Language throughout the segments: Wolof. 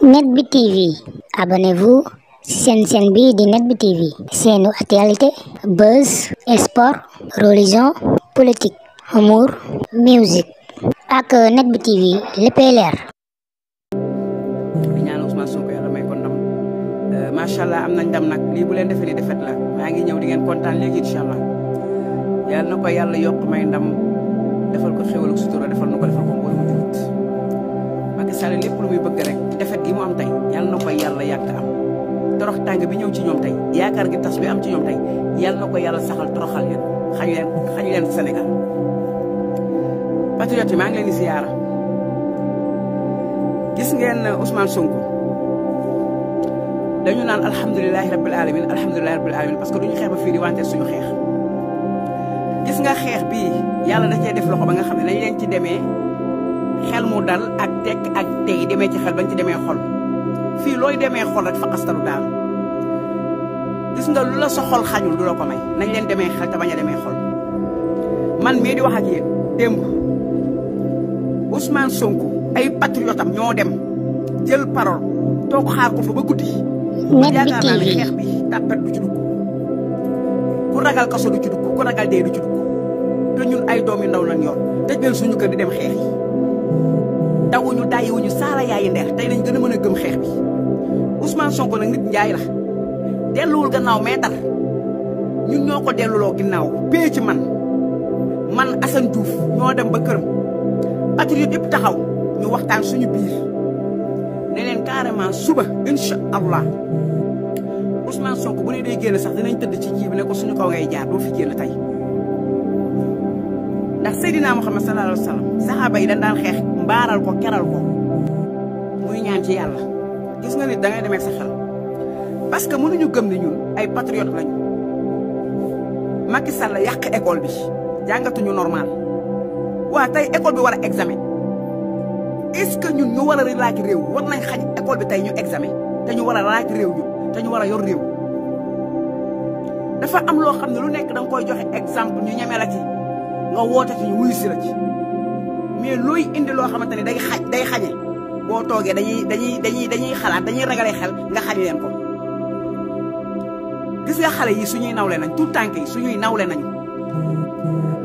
net bi tv abonnez-vous seen seen bi di net bi tv seenu actualité buzz sport religion politique humour musique ak net bi tv léppay leer euh, am na ndam nag lii bu leen defee ni defet la maa ngi ñëw di ngeen kontaan léegi incha allah yàlla na ko yàlla yokk may ndam defal ko xéwal ak sutura defal na ko defal ko mboolu mu julit Macky Sall lépp lu muy bëgg rek defet gi mu am tey yàlla na ko yàlla yàgg am torox tàng bi ñëw ci ñoom tey yaakaar gi tas bi am ci ñoom tey yàlla na ko yàlla saxal toroxal leen xañ leen xañ leen yi maa ngi leen di siyaara gis ngeen Ousmane Sonko dañu naan alhamdulilahi rabil alamin alhamdulilahi rabil alamin parce que duñu xeex ba fii di wanteer suñu xeex gis nga xeex bii yàlla da cee def loxo ba nga xam ne leen ci demee xel mu dal ak tekk ak tey demee ci xel bañ ci demee xol fii looy demee xol rek fa xastalu daal gis nga lu la sa xol xañul du la may nañ leen demee xel te bañ a demee xol man mii di wax ak yéen démb Ousmane Sonko ay patriotam ñoo dem jël parole toog xaar ko fa ba guddi man yaakaar naa ne xeex bi tàppet du ci dugg ku ragal kaso du ci ku ragal dee du ci te ñun ay doom yu ndaw lañ yor te jël suñu kër di dem xeex dawuñu dayiwuñu saala yaayi ndeer tey lañ gën a mën a gëm xeex bi Ousmane Sonko nag nit njaay la delluwul gannaaw meetar ñun ñoo ko delluloo ginnaaw pee ci man man Assane Diouf ñoo dem ba këram patriote yëpp taxaw ñu waxtaan suñu biir ne leen carrément suba incha allah Ousmane Sonko bu ne day génn sax dinañ tëdd ci ji bi ne ko suñu kaw ngay jaar doo fi génn tey ndax Seydina Muhammad sallallahu alayhi wa saxaaba yi dañ daan xeex mbaaral ko keral ko muy ñaan ci yàlla gis nga ni da ngay demee sa xel parce que mënuñu gëm ni ñun ay patriote lañu Macky Sall yàq école bi jàngatuñu normal waa tey école bi war a examen est-ce ñun ñu war a laaj réew war nañ xañ école bi tey ñu examen te ñu war a laaj réew ñu te ñu war a yor réew dafa am loo xam ne lu nekk da nga koy joxe exemple ñu ñeme la ci nga woote ci ñu wuyu la ci mais looy indi loo xamante ne day xaj day boo toogee dañuy dañuy dañuy dañuy xalaat dañuy ragalee xel nga xañ leen ko. gis nga xale yi suñuy nawle nañ tout tànk yi suñuy nawle nañu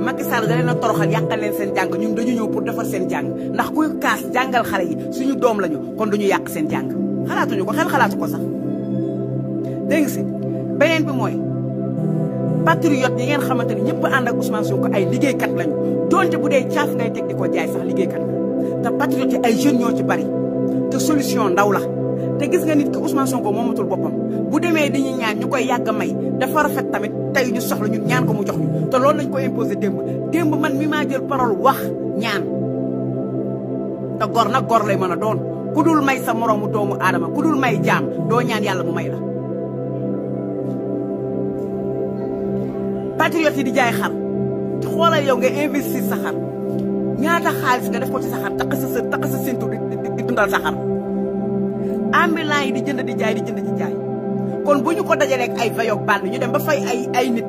Macky Sall da leen a toroxal yàqal seen jàng ñun dañu ñëw pour defar seen jàng ndax kuy kaas jàngal xale yi suñu doom lañu kon duñu yàq seen jàng xalaatuñu ko xel xalaatu ko sax dégg si beneen bi mooy patriote yi ngeen xamante ni ñëpp ànd ak Ousmane Sonko ay liggéeykat lañu. donte bu dee caaf ngay teg di ko jaay sax liggéeykat te patriote ay jeunes ñoo ci bari te solution ndaw la te gis nga nit ki Ousmane Sonko moomatul boppam bu demee dañuy ñaan ñu koy yàgg a may dafa rafet tamit tey ñu soxla ñu ñaan ko mu jox ñu te loolu lañ ko imposé démb démb man mi maa jël parole wax ñaan te gor nag gor lay mën a doon ku dul may sa moroomu doomu aadama ku dul may jaam doo ñaan yàlla mu may la patriote di jaay xar xoolal yow nga investir sa xar ñaata xaalis nga def ko ci sa xar takk sa sa takk sa séntu di dundal sa xar ambulant di jënd di jaay di jënd di jaay kon bu ñu ko dajalee ay fayoog bànn ñu dem ba fay ay ay nit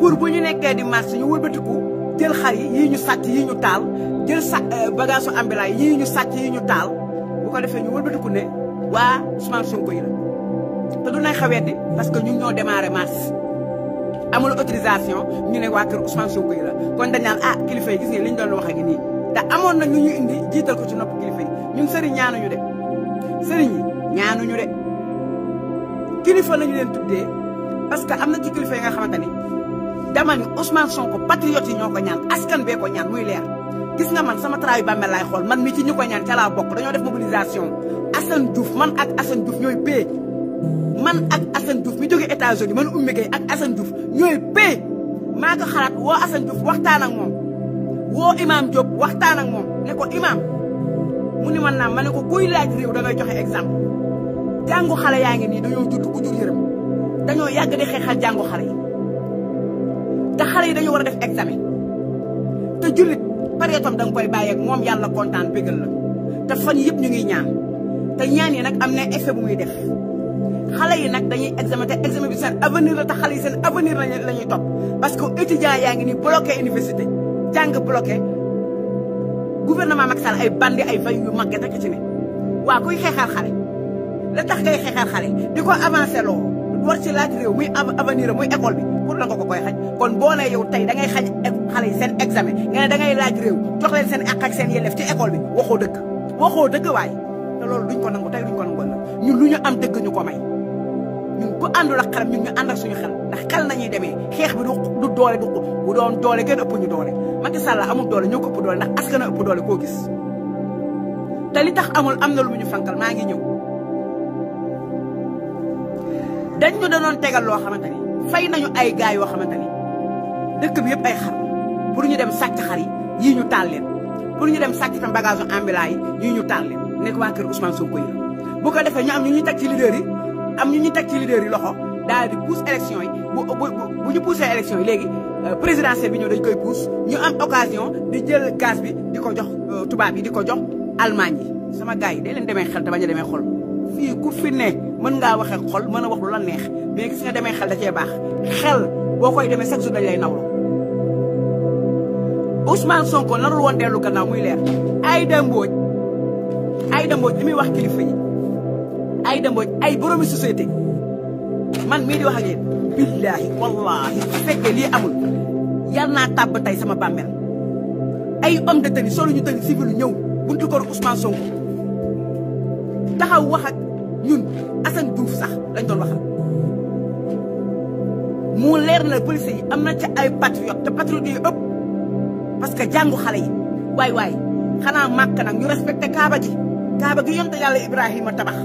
pour bu ñu nekkee di marché ñu wëlbatiku jël xar yi yii ñu sàcc yii ñu taal jël sa euh, bagage su ambulant yi yii ñu sàcc yii ñu taal bu ko defee ñu wëlbatiku ne waa Ousmane Sonko la te du nay xawee parce que ñun ñoo démarré marché amul autorisation ñu ne waa kër Ousmane Sonko yi kon dañ naan ah gis ngeen li doon wax ak nii te amoon na ñu ñu indi jiital ko ci nopp kilifa yi ñun sëriñ ñaanuñu de sëriñ yi ñaanuñu de kilifa lañu leen tuddee parce que am na ci kilifa nga xamante ni dama ni Ousmane Sonko patriote yi ñoo ko ñaan askan bee ko ñaan muy leer gis nga man sama travail bàmmeel laay xool man mi ci ñu ko ñaan ca laa bokk dañoo def mobilisation Assane Diouf man ak Assane Diouf man ak Assane Diouf mi jóge États-Unis man Oumy Gueye ak Assane Diouf ñooy pay maa ko xalaat woo Assane Diouf waxtaan ak moom woo Imaam Diop waxtaan ak moom ne ko Imaam mu ni man naam ma ne ko kuy laaj réew da joxe exemple jàngu xale yaa ngi nii dañoo judd ku jur yërëm dañoo yàgg di xeexal jàngu xale yi te xale yi dañoo war a def examen te jullit pare itam da nga koy bàyyeeg moom yàlla kontaan bégal la te fan yëpp ñu ngi ñaan te ñaan yi nag am na effet bu def xale yi nag dañuy examen te examen bi seen avenir la tax xale yi seen avenir lañuy topp parce que étudiants yaa ngi nii bloqué université jàng bloqué gouvernement Macky Sall ay bandi ay fay yu màgget rek ci ne waa kuy xeexal xale la tax ngay xeexal xale di ko avancé loo war ci laaj réew muy avenir muy école bi pour la nga ko koy xaj kon boo nee yow tey da ngay xaj xale yi seen examen nga ne da laaj réew jox leen seen àq ak seen yelleef ci école bi waxoo dëgg waxoo dëgg waaye te loolu duñ ko nangu tey ko nangu ñun lu dëgg ñu ko may ñun bu àndul la xelam ñun ñu ànd ak suñu xel ndax xel nañuy demee xeex bi du doole du bu doon doole gën ëpp ñu doole Macky Sall amul doole ñoo ko ëpp doole ndax askan a ëpp doole koo gis te li tax amul am na lu mu ñu fankal maa ngi ñëw dañ da danoon tegal loo xamante ni fay nañu ay gaay yoo xamante ni dëkk bi yëpp ay xar pour ñu dem sàcc xar yi yii ñu taal leen pour ñu dem sàcc tam bagage ambulant yi yii ñu taal leen nekk waa kër Ousmane Sonko yi bu ko defee ñu am ñu ñuy teg ci leader yi am ñu ñu teg ci leader yi loxo daal di pousse élection yi bu bu ñu poussé élection léegi euh, présidentielle bi ñoo dañ koy pousse ñu am occasion di jël gaz bi di ko jox euh, tubaab yi di ko jox Allemagne yi. sama gars yi day demee xel te bañ a demee xol fii ku fi mën ngaa waxee xol mën a wax lu la neex mais gis nga demee xel da cee baax xel boo koy demee chaque jour dañ lay nawloo. Ousmane Sonko narul woon dellu gannaaw muy leer Aïda Mbodj Aïda Mbodj li muy wax kilifa yi. Aïda ay boromi société man mii di wax billaahi wallaahi bu fekkee amul yal naa tàbb tey sama bàmmeel ay homme de tenue ñu tenue civil ñëw buntu kër Ousmane taxaw wax ñun Assane Diouf sax lañ doon mu leer na police yi am na ci ay patriote te patriote yi ëpp parce que jàngu xale yi waay waay xanaa màkk nag ñu respecté kaaba gi kaaba gi Ibrahima tabax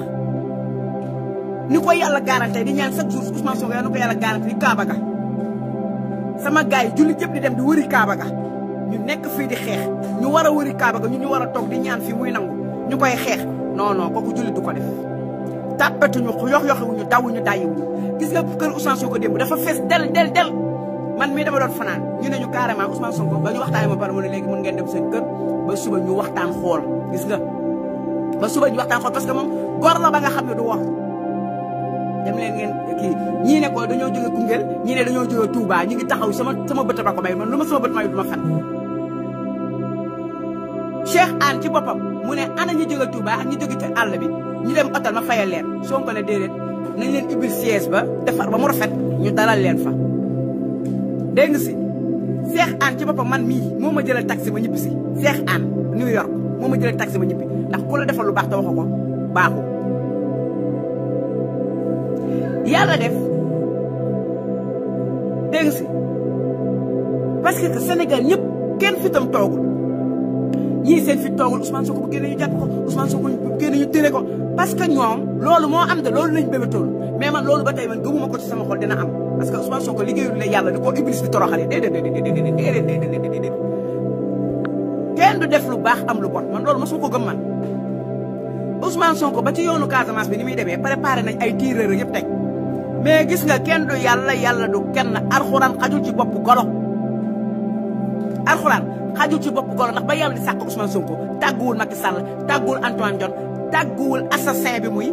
ni ko yàlla garanté di ñaan chaque jour Ousmane Sonko yàlla na ko yàlla garanté di Kaaba sama gaay yi jullit yëpp di dem di wëri Kaaba ga ñu nekk fii di xeex ñu war a wëri Kaaba ga ñu ñu war a toog di ñaan fii muy nangu ñu koy xeex non non kooku jullit du ko def. tàppatuñu yox yoxewuñu dawuñu dayyiwuñu gis nga kër Ousmane Sonko démb dafa fees del del del man mii dama doon fanaan ñu ne ñu carrément Ousmane Sonko ba ñu waxtaanee ma pare mu ne léegi mën ngeen dem seen kër ba suba ñu waxtaan xool gis nga ba suba ñu waxtaan xool parce que moom góor ba nga xam dem leen ngeen ñii ne ko dañoo jóge Koungheul ñii ne dañoo jóge Touba ñu ngi taxaw sama sama bët ba ko man lu ma sama bët mayu du ma fen Cheikh Anne ci boppam mu ne ana ñu jóge Touba ak ñu jóge ci àll bi ñu dem otal ma fayal leen Sonko ne déedéet nañ leen ubbil siège ba defar ba mu rafet ñu dalal leen fa dégg nga si Cheikh Anne ci boppam man mii moo ma jëlal taxi ma ñibbi si Cheikh Anne New ma jëlal taxi ma ñibbi ndax ku la defal lu baax te waxu ko yàlla def dégg si parce que Sénégal ñëpp kenn fitam toogul ñii seen fit toogul Ousmane Sonko bu génne ñu jàpp ko Ousmane Sonko bu génne ñu téye ko parce ñoom loolu moo am te loolu lañ bébétool mais man loolu ba tey man gëmuma ko ci sama xol dina am parce que Sonko liggéeyul ne yàlla di ko iblis di toroxale déedéet déedéet déedéet déedéet kenn du def lu baax am lu bon man loolu mosuma ko gëm man Ousmane Sonko ba ci yoonu Casamance bi ni muy demee préparé nañ ay tireur yëpp teg mais gis nga kenn du yàlla yàlla du kenn arxuraan xaju ci bopp golo arxuraan xaju ci bopp golo ndax ba yàlla di sàkk Ousmane Sonko tàgguwul Macky Sall tàgguwul Antoine Diome tàgguwul assassin bi muy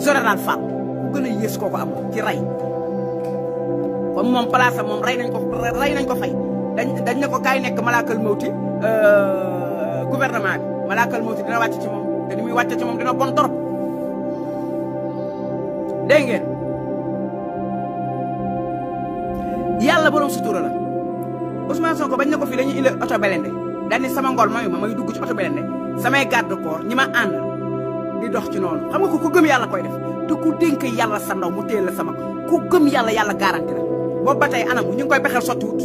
général Fall ku gën a yées a am ci rey kon moom place moom rey nañ ko rey nañ ko fay dañ dañ ne ko kaay nekk malaakal mawti euh, gouvernement bi malaakal mawti dina wàcc ci dina bon dégg ngeen yàlla borom sutura la Ousmane Sonko bañ na ko fii dañuy indi oto belende daal ni sama ngol mayu ma may dugg ci oto belende samay garde corps ñi ma ànd di dox ci noonu xam nga ko ku gëm yàlla koy def te ku dénk yàlla sa ndaw mu téel la sama ku gëm yàlla yàlla garanti la boobu ba tey anam ñu ngi koy bexeel sottiwut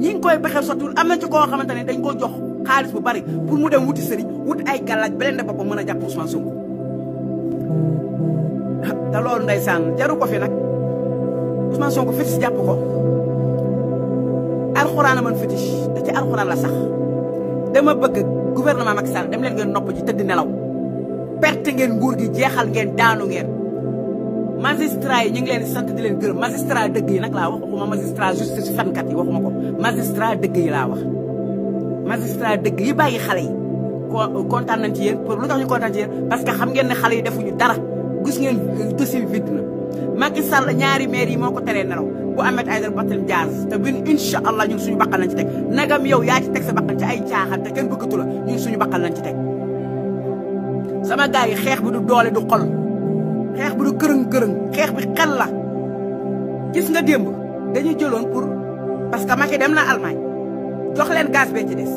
ñi ngi koy bexeel sottiwut am na ci koo xamante ne dañ ko jox xaalis bu bari pour mu dem wuti sëriñ wut ay gàllaaj beleen de boppam mën a jàpp Ousmane te loolu ndeysaan jaru ko fi nag Ousmane Sonko fétiche jàpp ko alxuraan a man fétiche te ci alxuraan la sax dama bëgg gouvernement Macky Sall dem leen ngeen nopp ji tëdd nelaw perte ngeen nguur gi ngeen daanu ngeen magistrat yi ñu ngi leen di sant di leen gërëm dëgg yi nag laa wax waxuma magistrat justice fenkat yi waxuma ko magistrat dëgg yi laa wax magistrat dëgg yi bàyyi xale yi kontaan nañ ci yéen pour lu tax ñu kontaan parce que xam ngeen ne xale yi defuñu dara gis ngeen dossier bi vide na Macky Sall ñaari maire moo ko teree nelaw bu Ahmed Aïdara Barthélémy Dias te bin incha allah ñun suñu baqal lañ ci teg nagam yow yaa ci teg sa baqal ci ay caaxaan te kenn bëggatu la ñun suñu baqal lañ ci teg sama gars yi xeex bi du doole du xol xeex bi du kërëng xeex bi xel la gis nga démb dañu jëloon pour parce que Macky dem na almaañ jox leen gaz bee ci des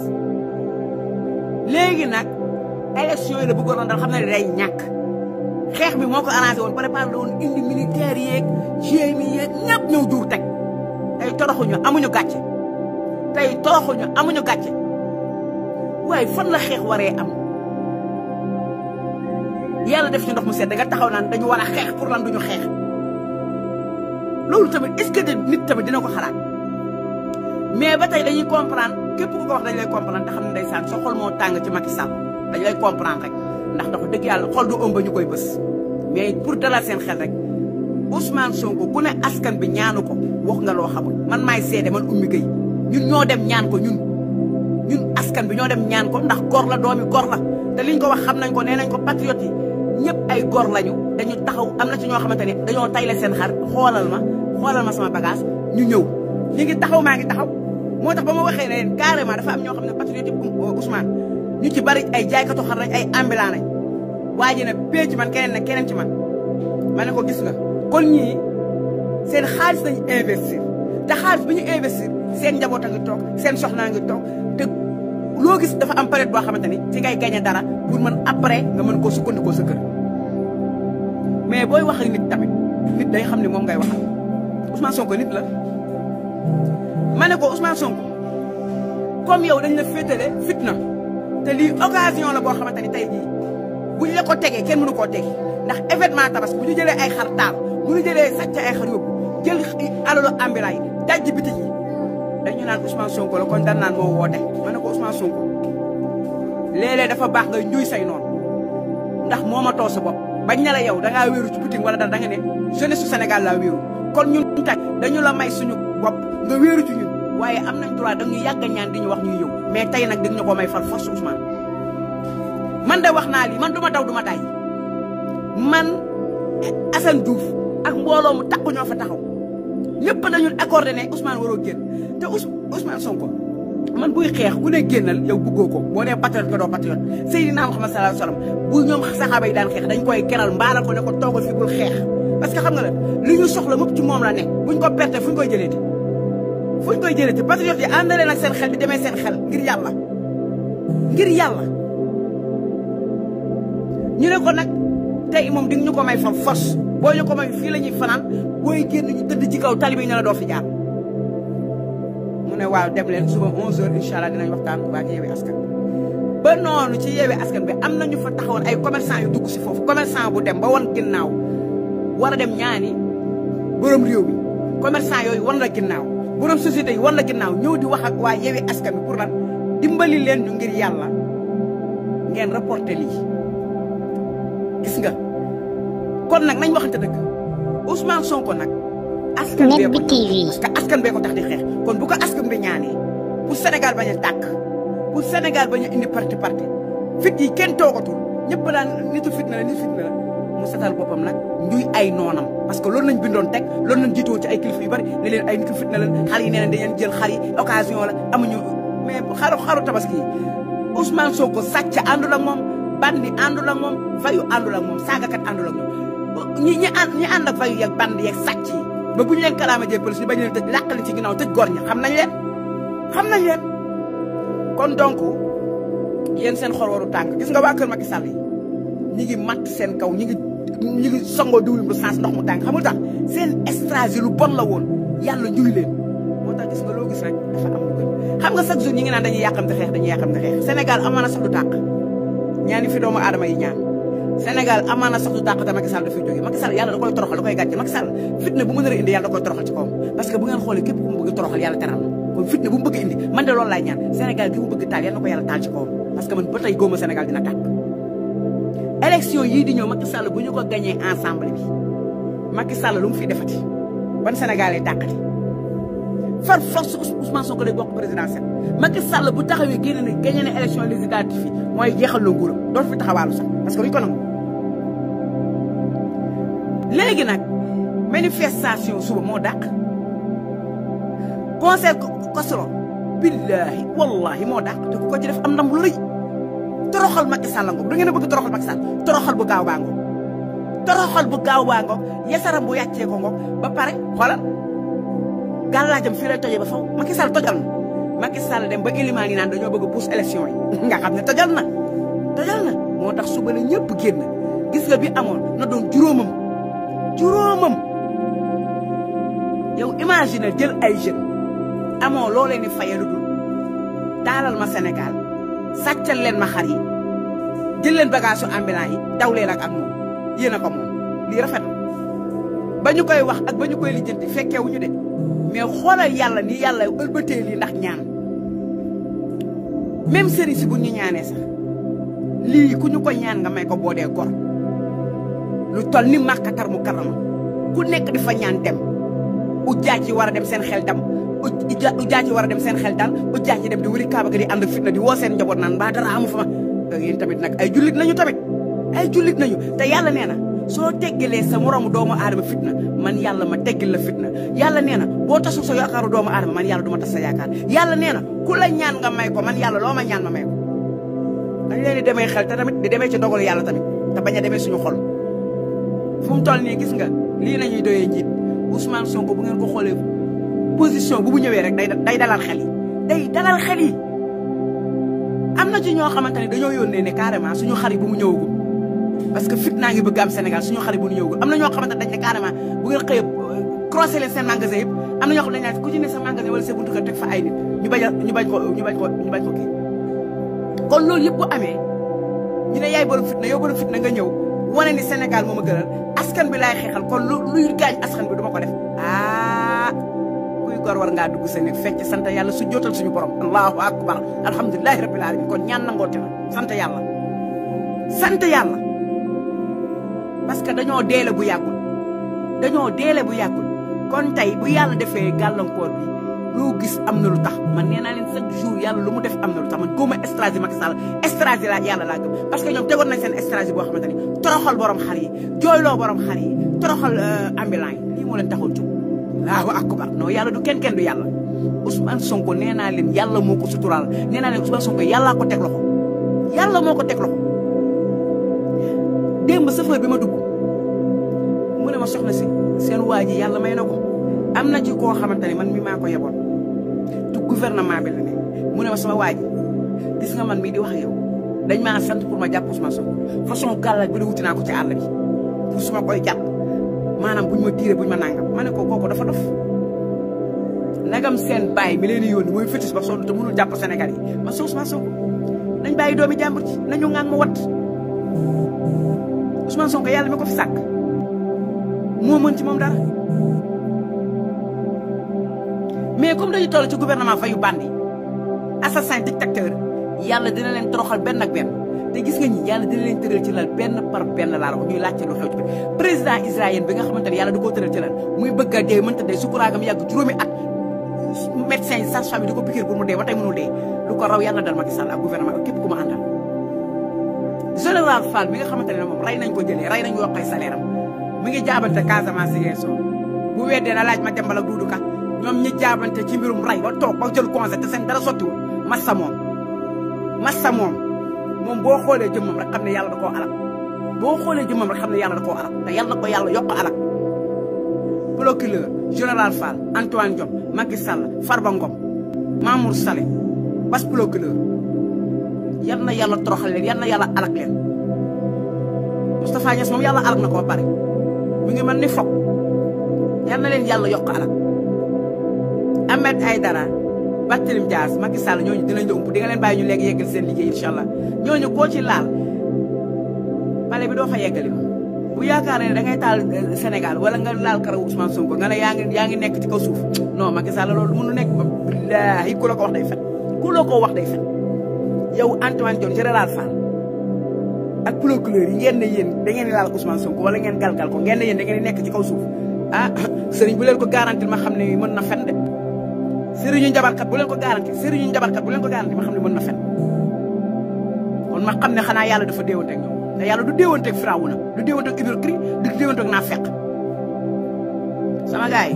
léegi nag élection yi la bëggoon dal xam na ne day ñàkk xeex bi moo ko arrangé woon préparé woon indi militaire yeeg GMI yeeg ñëpp ñëw duur teg tey toroxuñu amuñu gàcce tey toroxuñu amuñu gàcce waaye fan la xeex waree am yàlla def ñu ndox mu sedd nga taxaw naan dañu war a xeex pour lan duñu xeex loolu tamit est-ce que nit tamit dina ko xalaat mais ba tey dañuy comprendre képp ku ko wax dañu lay comprendre te xam ne sa xol moo tàng ci Macky Sall dañu lay comprendre rek ndax dafa dëgg yàlla xol du ëmb ñu koy bës mais pour dalal seen xel rek Ousmane Sonko ku ne askan bi ñaanu ko wax nga loo xamul man maay seede man ummi gay ñun ñoo dem ñaan ko ñun ñun askan bi ñoo dem ñaan ko ndax gor la doomi gor la te liñ ko wax xam nañ ko nee nañ ko patriote yi ñëpp ay gor lañu dañu taxaw am na ci ñoo xamante ne dañoo tayle seen xar xoolal ma xoolal ma sama bagage ñu ñëw ñu ngi taxaw maa ngi taxaw moo tax ba ma waxee ne leen ñoo xam ne patriote yi Ousmane ñu ci bari ay jaaykatu xar lañ ay ambulant lañ waa ji ne pee ci man keneen ne keneen ci man ma ne ko gis nga kon ñii seen xaalis lañu investir te xaalis bi ñu investir seen njaboot a ngi toog seen soxnaa ngi toog te loo dafa am période boo xamante ni ci ngay gagné dara pour mën après nga mën koo sukkandikoo sa kër mais booy wax nit tamit nit day xam ne moom ngay waxal Ousmane Sonko nit la ma ne ko Ousmane Sonko comme yow dañ la féetale fitna te lii occasion la boo xamante ni tey jii buñ la ko tegee kenn mënu koo tege ndax événement tabaski bu ñu jëlee ay xar taal bu ñu jëlee sàcc ay xar yóbbu jël alalu ambulant yi dajji bitig yi dañu naan Ousmane Sonko la kon dan naan moo woote ma ne ko Ousmane Sonko léeg-léeg dafa baax nga njuy say noonu ndax moo ma too sa bopp bañ ne la yow da ngaa wéeru ci boutique wala da nga ne jeunesse su Sénégal laa wéeru kon ñun tey dañu la may suñu bopp nga wéeru ci waaye am na nañ droit dañuy yàgg a ñaan di ñu wax ñuy ñëw mais tey nag dañ ñu ko may far force Ousmane man de wax naa lii man du ma daw du ma tay man Assane Diouf ak mbooloo mu takku ñoo fa taxaw ñëpp dañu accordé ne Ousmane waroo génn te Ousmane Sonko man buy xeex ku ne génnal yow bëggoo ko boo dee patriote ko doo patriote Seydina Muhammad sallallahu alayhi wasallam bu ñoom saxaaba yi daan xeex dañ koy keral mbaaral ko ne ko toogal fi bul xeex parce que xam nga la li ñu soxla mëpp ci ko perte fu ñu koy jëlee fu ñu koy jëlee patriote yi ànd leen ak seen xel bi demee seen ngir yàlla ngir yàlla ñu ne ko nag tey moom di ñu ko may fa force boo ñu ko may fii la ñuy fanaan booy génn ñu tëdd ci kaw tali bi ñu ne la doo fi jaar mu ne waaw dem leen suba 11h incha allah dinañ waxtaan bu baax ci yeewee askan am na ñu fa taxawoon ay commerçant dugg si foofu commerçant bu dem ba wan ginnaaw war a dem ñaani borom réew mi commerçant yooyu wan la ginnaaw. borom société yi war la ginnaaw ñëw di wax ak waa yewi askan mi pour lan dimbali leen ñu ngir yàlla ngeen reporté lii nga kon nag nañ waxante dëgg Ousmane Sonko nag. askan bee ko parce que askan bee ko tax di xeex kon bu ko askan bi ñaanee pour Sénégal bañ a tàkk pour Sénégal bañ a parti parti fit yi kenn toogatul ñëpp daan nitu fit la nitu fit la. mu setal boppam nag njuy ay noonam parce que loolu nañ bindoon teg loolu lañ jiitoo ci ay kilifa yu bari ne leen ay nitu fit na leen xar yi nee nañ dañeen jël xar yi occasion la amuñu mais xaru xaru tabaski yi Ousmane Sonko sàcc àndul ak moom bandi àndul ak moom fayu àndul moom saagakat àndul ak moom ñi ñi ànd ñi ànd ak fayu yeeg bandi yeeg sàcc ba bu ñu leen kalaama jee police ñu bañ leen tëj làq leen ci ginnaaw tëj góor ña xam nañ leen xam nañ leen kon donc yéen seen xol waru gis nga waa kër Macky Sall yi seen kaw ñi ñu ngi sangoo diwlin saas ndox mu tàng xamul tax seen stratégie lu bon la woon yàlla ñuy leen moo tax gis nga loo gis rek dafa am lu gën nga chaque jour ñi naan dañuy yàqamte xeex dañuy xeex Sénégal amaana sax du tàq ñaani amaana sax du tàq te Macky Sall dafay jógee Macky Sall yàlla toroxal da koy gàcce Macky Sall fitna bu mu nar a indi yàlla da toroxal ci kawam parce bu ngeen xoolee képp ku mu bëgg toroxal bu mu bëgg indi man de élection yii di ñëw Macky Sall bu ñu ko gagné ensemble bi Macky Sall lu mu fi defati ban Sénégal yi dàqati far force Ousmane Sonko lay bokk présidentiel Macky Sall bu taxawee génne na gagné na élection législative yi mooy jeexal loo nguuram dootu fi taxawaalu sax parce que duñ léegi nag manifestation suba moo dàq concert casserole billaahi wallaahi moo dàq te ko ci def am ndam lu toroxal Macky Sall la ngoog da ngeen a bëgg toroxal Macky Sall toroxal bu gaaw baa ngoog toroxal bu gaaw baa ngoog yasaram bu yàccee ko ngoog ba pare xoolal gàllaajam fii lay tojee ba faw Macky Sall tojal na Macky Sall dem ba élimaan yi naan dañoo bëgg a pousse nga xam ne tojal na tojal na moo tax suba la ñëpp génn gis nga bi amoon na doon juróomam juróomam yow imagine jël ay jeunes amoo loo leen di fayal dul taalal ma Sénégal sàccal leen ma xar yi jël leen bagage yu ambulant yi daw leen ak am moom yéen a ko moom lii rafet ba koy wax ak ba ñu koy lijjanti fekkewuñu de mais xoolal yàlla ni yàlla ëlbatee lii ndax ñaan même sëriñ si bu ñu sax lii ku ñu ko ñaan nga may ko boo dee gor lu tol ni màkkatar mu karama ku nekk di fa ñaan dem u yi war a dem seen xel dem ujaa ujaa war a dem seen xel daal ujaa ci dem di wuli kaaba ga di ànd ak fitna di woo seen njaboot naan mbaa dara amu fa ma yéen tamit nag ay jullit nañu tamit ay jullit nañu te yàlla nee na soo teggalee sa moromu doomu aadama fitna man yàlla ma teggal la fitna yàlla nee na boo tasul sa yaakaaru doomu aadama man yàlla du ma tas sa yaakaar yàlla nee ku la ñaan nga may ko man yàlla loo ma ñaan ma may ko dañ leen di demee xel te tamit di demee ci dogalu yàlla tamit te bañ a demee suñu xol fu mu toll nii gis nga lii nañuy doyee njiit Ousmane Sonko bu ngeen ko position bu mu ñëwee rek day day dalal xel yi day dalal xel am na ci ñoo xamante ne dañoo yónnee ne carrément suñu xarit bu mu ñëwagul parce que fit naa ngi bëgg am Sénégal suñu xarit bu mu ñëwagul am na ñoo xamante ne dañ ne carrément bu ngeen xëyee euh, croisé leen seen magasin yëpp am na ñoo xam ne dañ ku ci ne sa magasin wala sa buntu kër teg fa ay nit ñu bañ ñu bañ ko ñu bañ ko ñu bañ ko kii kon loolu yëpp bu ñu ne yaay borom fit na yow borom nga ñëw wane ni Sénégal moo ma gënal askan bi laay xeexal kon ko def ah. feebar war ngaa dugg sa fecc sant yàlla su jootal suñu borom allahu akbar alhamdulilahi rabbil alamin kon ñaan nangoote na sant yàlla sant yàlla parce que dañoo deele bu yàggul dañoo deele bu yàggul kon tey bu yàlla defee gàllankoor bi loo gis am na lu tax man nee naa leen yàlla lu mu def am na lu tax ma góoma stratégie Macky Sall stratégie la yàlla laa gëm parce que ñoom tegoon nañ seen stratégie boo xamante ni toroxal borom xar yi jooyloo borom xar yi toroxal euh, ambulant yi allahu akbar non yàlla du kenn kenn du yàlla Ousmane Sonko nee naa leen yàlla moo ko suturaal nee naa leen Ousmane Sonko yàllaa ko teg loxo yàlla moo ko teg loxo démb safar bi ma dugg mu ne ma soxna si seen waa ji yàlla may na ko am na ci koo xamante ne man mi maa ko yeboon du gouvernement bi la ne mu ne ma sama waa ji gis nga man mii di wax yow dañ maa sant pour ma jàpp Ousmane Sonko façon gàllaaj bi da wuti naa ko ci bi pour su ma koy maanaam buñ ma tiire buñ ma nangam ma ne ko kooku dafa dof nagam seen baay mi leen di yónni mooy fétis ba sonn te mënul jàpp Sénégal yi ma soosu ma Sonko nañ bàyyi doomi jàmbur ci nañu ngaan ma wat Ousmane Sonko yàlla mi ko fi sàkk moo mën ci moom dara mais comme dañu toll ci gouvernement fayu bandi assassin dictateur yàlla dina leen toroxal benn ak benn te gis nga ñi yàlla dina leen ci lal benn par benn laa la wax ñuy laajte lu ci président israélien bi nga xamante ne yàlla da koo ci lal muy bëgg a dee mënta dee sukkuraagam yàgg juróomi at médecin yi sage-femme yi di ko piquer pour dee ba tey mënul dee lu ko raw yàlla dal Macky Sall ak gouvernement ak képp ku ma àndal général Fall bi nga xamante ne moom rey nañ ko jëlee rey nañ yokkay salaire am mi ngi jaabante Casamance Ziguinchor bu weddee na laaj ma dem bala Doudou Ka ñoom ñi jaabante ci mbirum rey ba toog ba jël conseil te seen dara sotti massa moom massa moom moom boo xoolee jëmmam rek xam ne yàlla da koo alal boo xoolee jëmmam rek xam ne yàlla da koo alal ko yàlla yokk alal procureur général Fall Antoine Diome Macky Sall Farba Ngom Mamour Salé bas procureur yal na yàlla toroxal leen yal na yàlla alak leen Moustapha Niass moom yàlla alak na ko ba pare mu ngi ni foog yal na leen yàlla yokk alal Ahmed Aïdara Barthélémy Dias ma Sall ñooñu dinañ la ump di nga leen bàyyi ñu léegi yeggal seen liggéey incha allah ñooñu koo ci laal pale bi doo fa yeggali bu yaakaar ne da ngay taal euh, Sénégal wala nga laal karaw Ousmane Sonko nga ne yaa ngi yaa ngi nekk ci kaw suuf non Macky Sall loolu mënu nekk ba billaahi ku la ko wax day fen ku la ko wax day ngeen ne yéen da ngeen laal Ousmane Sonko galgal ko ngeen ne yéen da ngeen nekk ci kaw suuf ah sëriñ bu ko garantir ma xam ne mën na fen sëriñu njabarkat bu leen ko garanti sëriñu njabarkat bu leen ko garanti ma xam ne mën na fen kon ma xam ne xanaa yàlla dafa déewante ak ñoom te yàlla du déewante ak firawuna du déewante ak hypocrite du déewante ak naafeq sama gars yi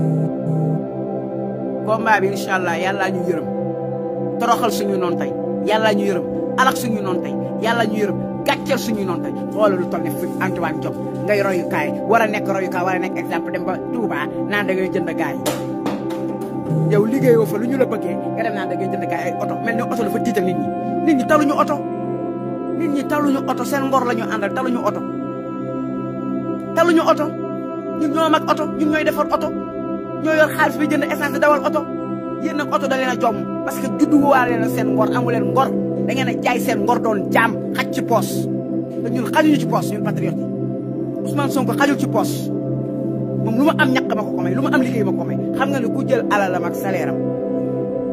combat bi incha allah a ñu yërëm toroxal suñu noonu tey yàllaa ñu yërëm alak suñu noonu tey yàllaa ñu yërëm gàcceel suñu noonu tey xoolal lu toll ne fi Antoine Diop ngay royukaay war a nekk royukaay war a nekk exemple dem ba Touba naan yow liggéeyoo fa lu ñu la bëggee nga dem naa da ngay jënd kaay ay oto mel ne oto dafa tiital nit ñi nit ñi taluñu oto nit taluñu oto seen ngor la ñu àndal taluñu oto taluñu oto ñun ñoo mag oto ñun ñooy defar oto ñoo yor xaalis bi jënd essence dawal oto yéen nag oto da leen a parce que juddu waale na seen ngor amu leen ngor da ngeen jaay seen ngor doon jaam xaj ci poos te ñun xajuñu ci poos ñun patriote Ousmane Sonko xajul ci poos moom lu ma am ñaq ma ko ko lu ma am liggéey ma ko may xam nga ne ku jël alalam la salaire am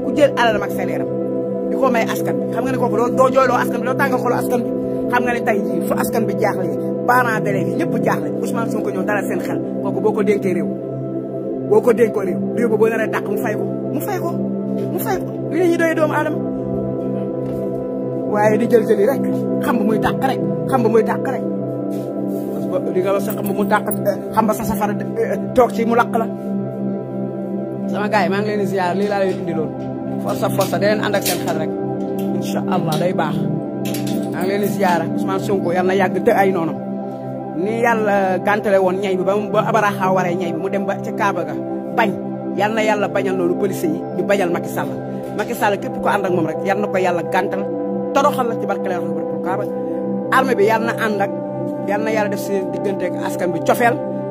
ku jël alalam ak salaire am di ko may askan bi xam nga ne ko doo doo jooyloo askan bi doo tànga xolo askan bi xam nga ne tey jii fu askan bi jaaxlee parents d'élèves yi ñëpp jaaxle Ousmane Sonko ñëw dalal seen xel kooku boo ko dénkee réew boo ko dénkoo réew réew ba boo naree dàq mu fay ko mu fay ko mu fay ko li la ñuy doyee doomu aadama waaye di jël jëli rek xam ba muy dàq xam ba muy dàq di nga sax mu dàq eh, xam ba sa safara eh, toog ci mu lakk la sama gars maa ngi leen di ziar lii laa leen indiloon force force da leen day baax maa ngi leen di ziar yal na yàgg te ay noonam ni yàlla gàntale woon ñay bi ba ba abaraaxa waree ñay bi mu dem ba ca Kaaba ga bañ yal na yàlla bañal loolu police yi ñu bañal Macky Sall Macky Sall képp ko ànd ak rek yal na ko yàlla gàntal toroxal la ci barkeel a wax yal na yàlla def seen diggante ak askan bi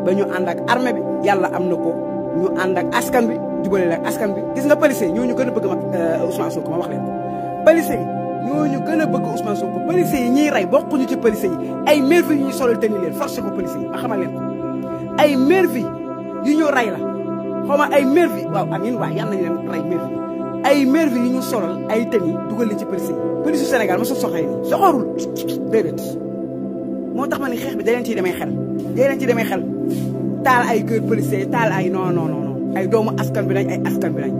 ba ñu ànd ak armée bi yàlla am na ko ñu ànd ak askan bi jubale leen ak askan bi gis nga policier ñoo ñu gën a bëgg mag euh, Ousmane Sonko ma wax leen ko policier ñu gën a bëgg Ousmane Sonko policier yi ñuy ci policier yi ay nervi yi ñuy solal teni leen forcé ko policier yi ma xamal leen ko ay nervi yi ñu rey la xaw ay nervi waaw amin waay yal nañu leen rey ay nervi yi ñu solal ay teni dugal leen ci policier yi policier Sénégal ma su moo tax ma ne xeex bi dee leen ciy demee xel dee leen ciy demee xel taal ay kër policier taal ay non non ay doomu askan bi lañ ay askan bi lañ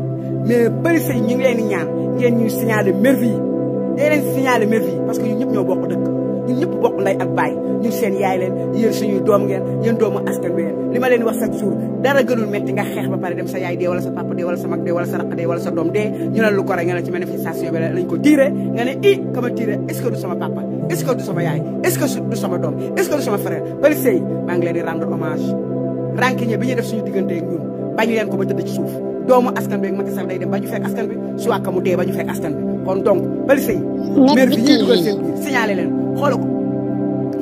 mais policier ñu ngi leen di ñaan ngeen ñuy signaler mervi yi dee leen signaler que ñun ñëpp ñoo bokk dëkk ñun ñëpp bokk nday ak baay ñun seen yaay leen yéen suñuy doom ngeen leen wax chaque jour dara gënul métti nga xeex ba pare dem sa yaay dee wala sa papa dee wala sa mag dee wala sa rakk dee wala sa doom dee ñu ne lu ko rek nga ne ci manifestation bi lañ ko tiire nga ne i kama tiire est-ce que est-ce que du sama yaay est-ce que du sama doom est-ce que du sama frère policiers bi ñuy def suñu diggante ak ñun bañu leen ko ba tëdd ci suuf doomu askan bi ak Macky Sall day dem ba ñu fekk askan bi su mu dee ba ñu fekk askan kon donc policiers yi maire bi ñuy dugal seen biir leen xoola ko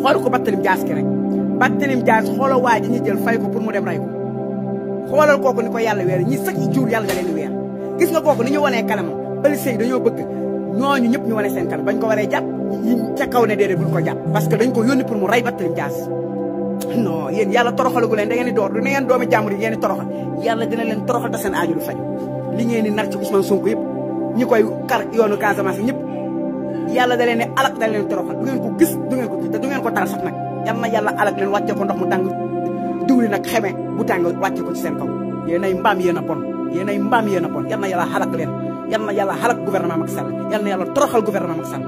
xoola ko Barthélémy Dias ki rek Barthélémy Dias xoola waa ji ñu jël fay ko pour mu dem ray ko xoolal kooku ni ko yàlla weer ñi sax ci jur yàlla nga leen di weer gis nga kooku ni ñu ñëpp ñu wane seen kanam bañ ko waree jàpp yi ca kaw ne déedéet buñ ko jàpp parce que dañ ko yónni pour mu rey Barthélémy Dias non yéen yàlla toroxalagu leen da ngeen di door du ngeen doomi jàmbur yi ngeen di toroxal yàlla dina leen toroxal te seen aaju du faju li ngeen di nar ci Ousmane Sonko yëpp ñi koy kar yoonu Casamance ñëpp yàlla da leen alak da leen toroxal du ngeen ko gis du ngeen ko gis te du ngeen ko tal sax nag yal na yàlla alak leen wàcce ko ndox mu tàng diwli nag xeme bu tàng wàcce ko ci seen kaw mbaam yéen a bon yéen a bon yal na yàlla xalak leen yal na yàlla xalak na yàlla